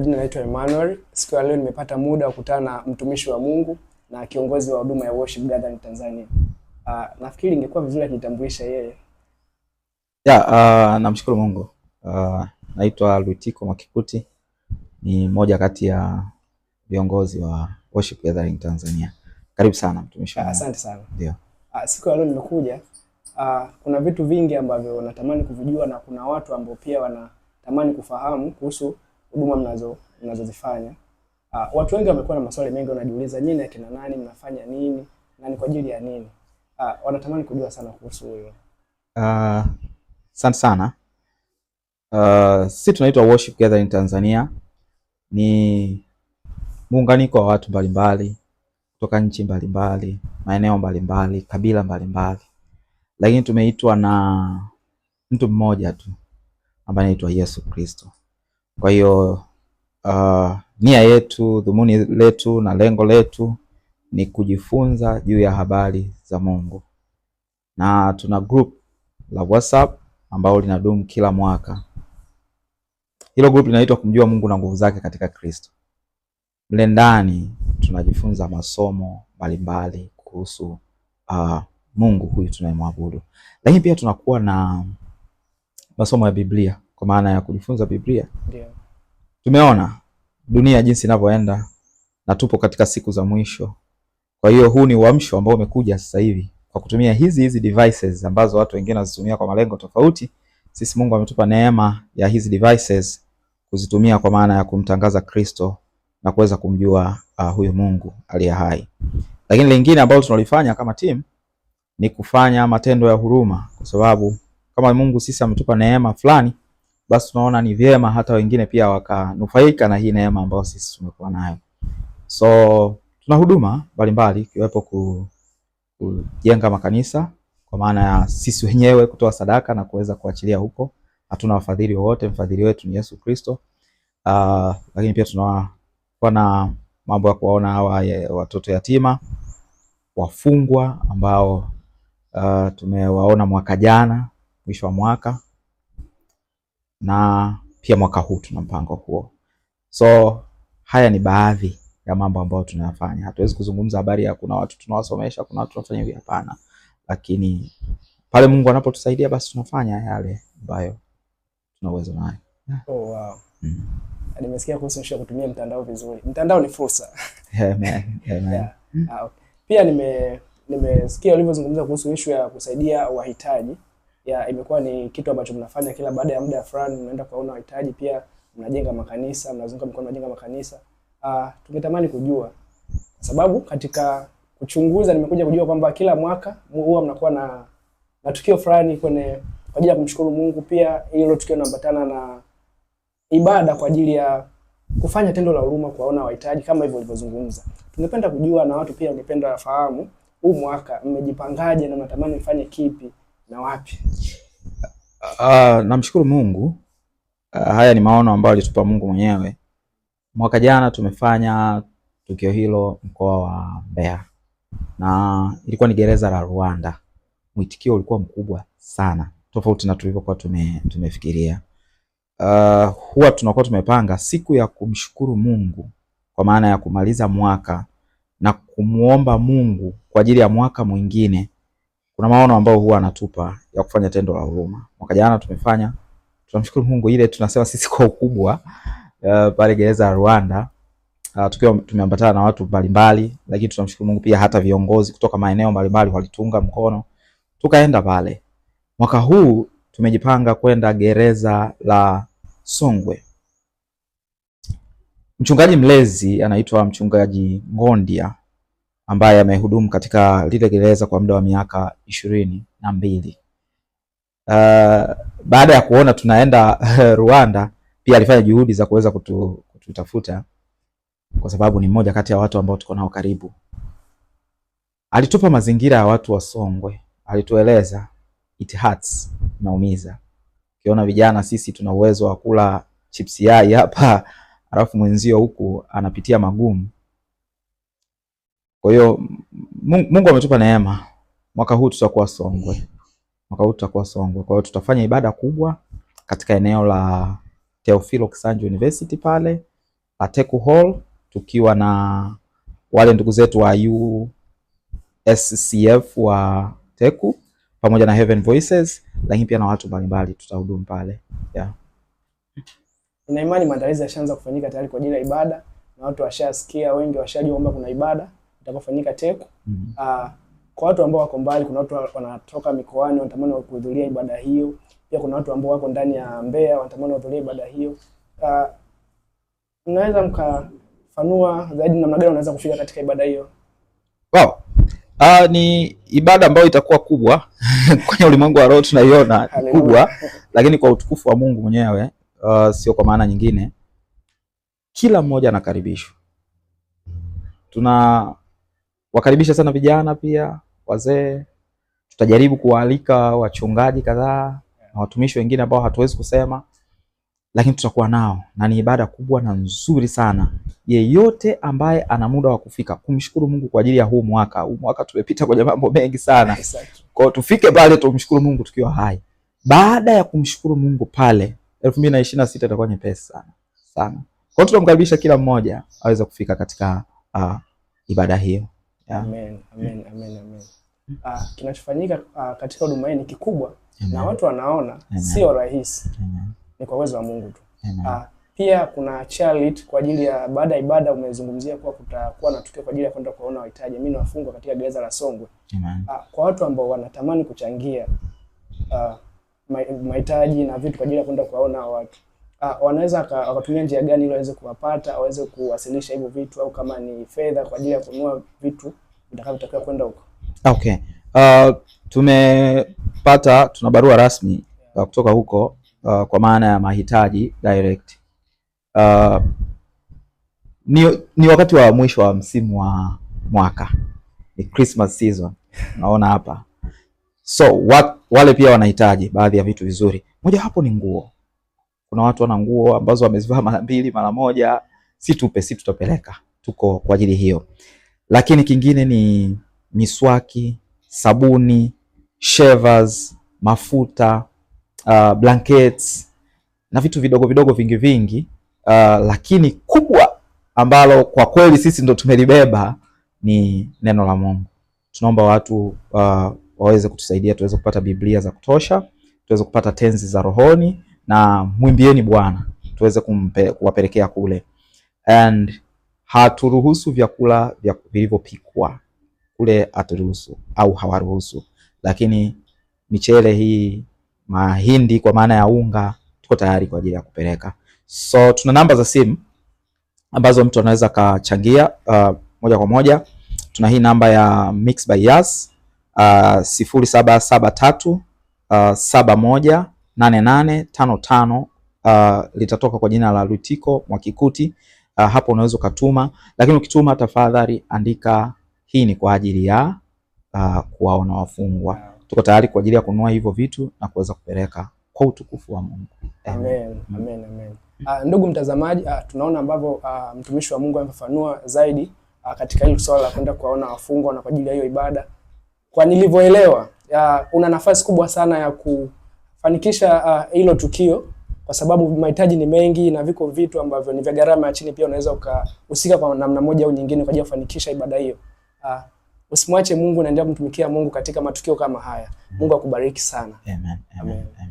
Jina naitwa Emmanuel. Siku ya leo nimepata muda wa kukutana na mtumishi wa Mungu na kiongozi wa huduma ya Worship Gathering Tanzania. Uh, nafikiri ingekuwa vizuri akijitambulisha yeye. Yeah, uh, namshukuru Mungu. Uh, naitwa Lutiko Makikuti ni mmoja kati ya viongozi wa Worship Gathering Tanzania. Karibu sana mtumishi. Uh, asante sana. Ndio. Uh, siku ya leo nimekuja uh, kuna vitu vingi ambavyo natamani kuvijua na kuna watu ambao pia wanatamani kufahamu kuhusu huduma mnazo mnazozifanya. Uh, watu wengi wamekuwa na maswali mengi, wanajiuliza nyinyi akina nani, mnafanya nini na ni kwa ajili ya nini? Uh, wanatamani kujua sana kuhusu huyo. Ah, asante uh, sana uh, sisi tunaitwa Worship Gathering Tanzania, ni muunganiko wa watu mbalimbali kutoka nchi mbalimbali, maeneo mbalimbali, kabila mbalimbali, lakini tumeitwa na mtu mmoja tu ambaye anaitwa Yesu Kristo. Kwa hiyo uh, nia yetu, dhumuni letu na lengo letu ni kujifunza juu ya habari za Mungu, na tuna group la WhatsApp ambalo linadumu kila mwaka. Hilo group linaitwa kumjua Mungu na nguvu zake katika Kristo. Mle ndani tunajifunza masomo mbalimbali kuhusu uh, Mungu huyu tunayemwabudu, lakini pia tunakuwa na masomo ya Biblia kwa maana ya kujifunza Biblia. Yeah. Tumeona dunia jinsi inavyoenda na tupo katika siku za mwisho. Kwa hiyo huu ni uamsho ambao umekuja sasa hivi kwa kutumia hizi hizi devices ambazo watu wengine wanazitumia kwa malengo tofauti. Sisi Mungu ametupa neema ya hizi devices kuzitumia kwa maana ya kumtangaza Kristo na kuweza kumjua uh, huyo Mungu aliye hai. Lakini lingine ambalo tunalifanya kama team ni kufanya matendo ya huruma, kwa sababu kama Mungu sisi ametupa neema fulani basi tunaona ni vyema hata wengine pia wakanufaika na hii neema ambayo sisi tumekuwa nayo. So tuna huduma mbalimbali ikiwepo kujenga makanisa kwa maana ya sisi wenyewe kutoa sadaka na kuweza kuachilia huko. Hatuna wafadhili wowote, mfadhili wetu ni Yesu Kristo. Uh, lakini pia tunakuwa na mambo ya kuwaona hawa watoto yatima, wafungwa ambao uh, tumewaona mwaka jana mwisho wa mwaka na pia mwaka huu tuna mpango huo. So haya ni baadhi ya mambo ambayo tunayafanya. Hatuwezi kuzungumza habari ya kuna watu tunawasomesha, kuna watu tunafanya hivi, hapana, lakini pale Mungu anapotusaidia basi tunafanya yale ambayo tuna uwezo nayo. Oh, wow. Mm. Nimesikia kuhusu issue ya kutumia mtandao vizuri. Mtandao ni fursa. Amen. Amen. Yeah. Ah, pia nime nimesikia ulivyozungumza kuhusu issue ya kusaidia wahitaji ya imekuwa ni kitu ambacho mnafanya kila baada ya muda fulani, mnaenda kuwaona wahitaji, pia mnajenga makanisa, mnazunguka mkoa, mnajenga makanisa. Uh, tungetamani kujua sababu, katika kuchunguza nimekuja kujua kwamba kila mwaka huwa mnakuwa na, na tukio fulani kwenye kwa ajili ya kumshukuru Mungu, pia hilo tukio linaambatana na ibada kwa ajili ya kufanya tendo la huruma kuwaona wahitaji kama hivyo ulivyozungumza. Tungependa kujua na watu pia wangependa wafahamu huu mwaka mmejipangaje na mnatamani mfanye kipi? na wapi? Uh, namshukuru Mungu. Uh, haya ni maono ambayo alitupa Mungu mwenyewe. Mwaka jana tumefanya tukio hilo mkoa wa Mbeya na ilikuwa ni gereza la rwanda Mwitikio ulikuwa mkubwa sana, tofauti na tulivyokuwa tume, tumefikiria. Uh, huwa tunakuwa tumepanga siku ya kumshukuru Mungu kwa maana ya kumaliza mwaka na kumwomba Mungu kwa ajili ya mwaka mwingine kuna maono ambayo huwa anatupa ya kufanya tendo la huruma. Mwaka jana tumefanya, tunamshukuru Mungu, ile tunasema sisi kwa ukubwa eh, pale uh, gereza ya Rwanda uh, tukiwa tumeambatana na watu mbalimbali, lakini tunamshukuru Mungu pia hata viongozi kutoka maeneo mbalimbali walitunga mkono, tukaenda pale. Mwaka huu tumejipanga kwenda gereza la Songwe. Mchungaji mlezi anaitwa mchungaji Ngondia ambaye amehudumu katika lile gereza kwa muda wa miaka ishirini na mbili. Uh, baada ya kuona tunaenda Rwanda, pia alifanya juhudi za kuweza kutu, kututafuta kwa sababu ni mmoja kati ya watu ambao tuko nao karibu. Alitupa mazingira ya watu wa Songwe, alitueleza it hurts, naumiza Ukiona vijana sisi tuna uwezo wa kula chipsi yai hapa, alafu mwenzio huku anapitia magumu kwa hiyo Mungu ametupa neema, mwaka huu tutakuwa Songwe, mwaka huu tutakuwa Songwe. Kwa hiyo tutafanya ibada kubwa katika eneo la Teofilo Kisanji University pale Teku Hall, tukiwa na wale ndugu zetu wa USCF wa Teku pamoja na Heaven Voices, lakini pia na watu mbalimbali tutahudumu pale yeah. Nina imani maandalizi yashaanza kufanyika tayari kwa ajili ya ibada na watu washasikia wengi, washajua kuna ibada itapofanyika teku mm -hmm. Ah, kwa watu ambao wako mbali, kuna watu wanatoka mikoani wanatamani kuhudhuria ibada hiyo. Pia kuna watu ambao wako ndani ya Mbeya wanatamani kuhudhuria ibada hiyo. Ah, mnaweza mkafanua zaidi namna gani unaweza kufika katika ibada hiyo? Wow. Uh, ni ibada ambayo itakuwa kubwa kwenye ulimwengu wa roho tunaiona kubwa, lakini kwa utukufu wa Mungu mwenyewe, uh, sio kwa maana nyingine. Kila mmoja anakaribishwa tuna wakaribisha sana vijana pia wazee. Tutajaribu kuwaalika wachungaji kadhaa na watumishi wengine ambao hatuwezi kusema, lakini tutakuwa nao, na ni ibada kubwa na nzuri sana. Yeyote ambaye ana muda wa kufika, kumshukuru Mungu kwa ajili ya huu mwaka. Huu mwaka tumepita kwenye mambo mengi sana, kwa tufike pale tumshukuru Mungu tukiwa hai. Baada ya kumshukuru Mungu pale, 2026 itakuwa nyepesi sana sana. Kwa hiyo tunamkaribisha kila mmoja aweze kufika katika uh, ibada hiyo. Amen, amen, amen, amen. Uh, kinachofanyika uh, katika huduma hii ni kikubwa amen. Na watu wanaona sio rahisi, ni kwa uwezo wa Mungu tu. Uh, pia kuna chalit kwa ajili ya baada ya ibada. Umezungumzia kuwa kutakuwa na tukio kwa ajili ya kwenda kuona wahitaji, mimi nawafungwa katika gereza la Songwe. Uh, kwa watu ambao wanatamani kuchangia uh, mahitaji na vitu kwa ajili ya kwenda kuwaona watu Ah, wanaweza wakatumia njia gani ili waweze kuwapata, waweze kuwasilisha hivyo vitu, au kama ni fedha kwa ajili ya kununua vitu vitakavyotakiwa kwenda huko? Okay. Uh, tumepata tuna barua rasmi uh, kutoka huko uh, kwa maana ya mahitaji direct uh, ni, ni wakati wa mwisho wa msimu wa mwaka ni Christmas season, naona hapa so wa, wale pia wanahitaji baadhi ya vitu vizuri, moja hapo ni nguo kuna watu wana nguo ambazo wamezivaa mara mbili mara moja, si tupe, si tutapeleka, tuko kwa ajili hiyo. Lakini kingine ni miswaki, sabuni, shavers, mafuta, uh, blankets na vitu vidogo vidogo vingi vingi. Uh, lakini kubwa ambalo kwa kweli sisi ndo tumelibeba ni neno la Mungu. Tunaomba watu uh, waweze kutusaidia tuweze kupata Biblia za kutosha, tuweze kupata tenzi za rohoni na mwimbieni Bwana tuweze kuwapelekea kule. And haturuhusu vyakula vilivyopikwa kule, haturuhusu au hawaruhusu, lakini michele hii, mahindi kwa maana ya unga, tuko tayari kwa ajili ya kupeleka. So tuna namba za simu ambazo mtu anaweza akachangia uh, moja kwa moja. Tuna hii namba ya Mixx by Yas uh, sifuri saba saba tatu uh, saba moja 8855 uh, litatoka kwa jina la Lutiko Mwakikuti. Uh, hapo unaweza ukatuma, lakini ukituma tafadhali andika hii ni kwa ajili ya uh, kuwaona wafungwa. Tuko tayari kwa ajili ya kununua hivyo vitu na kuweza kupeleka kwa utukufu wa Mungu. Amen, amen, amen. Uh, ndugu mtazamaji, uh, tunaona ambavyo uh, mtumishi wa Mungu amefafanua zaidi uh, katika hilo swala la kwenda kuwaona wafungwa na kwa ajili ya hiyo ibada. Kwa nilivyoelewa, uh, una nafasi kubwa sana ya ku fanikisha uh, hilo uh, tukio kwa sababu mahitaji ni mengi na viko vitu ambavyo ni vya gharama ya chini, pia unaweza ukahusika kwa namna moja au nyingine kwa ajili ya kufanikisha ibada hiyo. Uh, usimwache Mungu, naendelea kumtumikia Mungu katika matukio kama haya. Mungu akubariki sana. Amen. Amen. Amen.